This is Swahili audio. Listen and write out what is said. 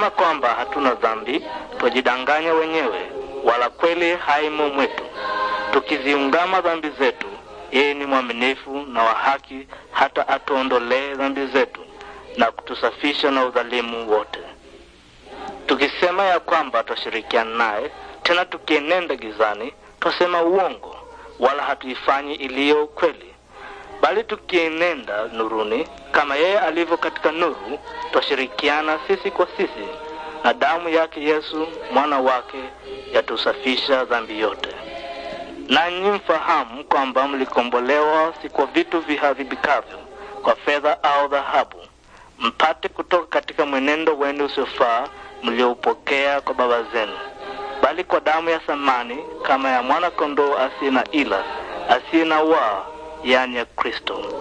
kusema kwamba hatuna dhambi, twajidanganya wenyewe, wala kweli haimo mwetu. Tukiziungama dhambi zetu, yeye ni mwaminifu na wa haki, hata atuondolee dhambi zetu na kutusafisha na udhalimu wote. Tukisema ya kwamba twashirikiana naye, tena tukienenda gizani, twasema uongo, wala hatuifanyi iliyo kweli bali tukienenda nuruni kama yeye alivyo katika nuru, twashirikiana sisi kwa sisi, na damu yake Yesu mwana wake yatusafisha dhambi yote. Nanyi mfahamu kwamba mlikombolewa si kwa vitu viharibikavyo, kwa fedha au dhahabu, mpate kutoka katika mwenendo wenu usiofaa mlioupokea kwa baba zenu, bali kwa damu ya thamani kama ya mwana kondoo asiye na ila, asiye na waa yani ya Kristo.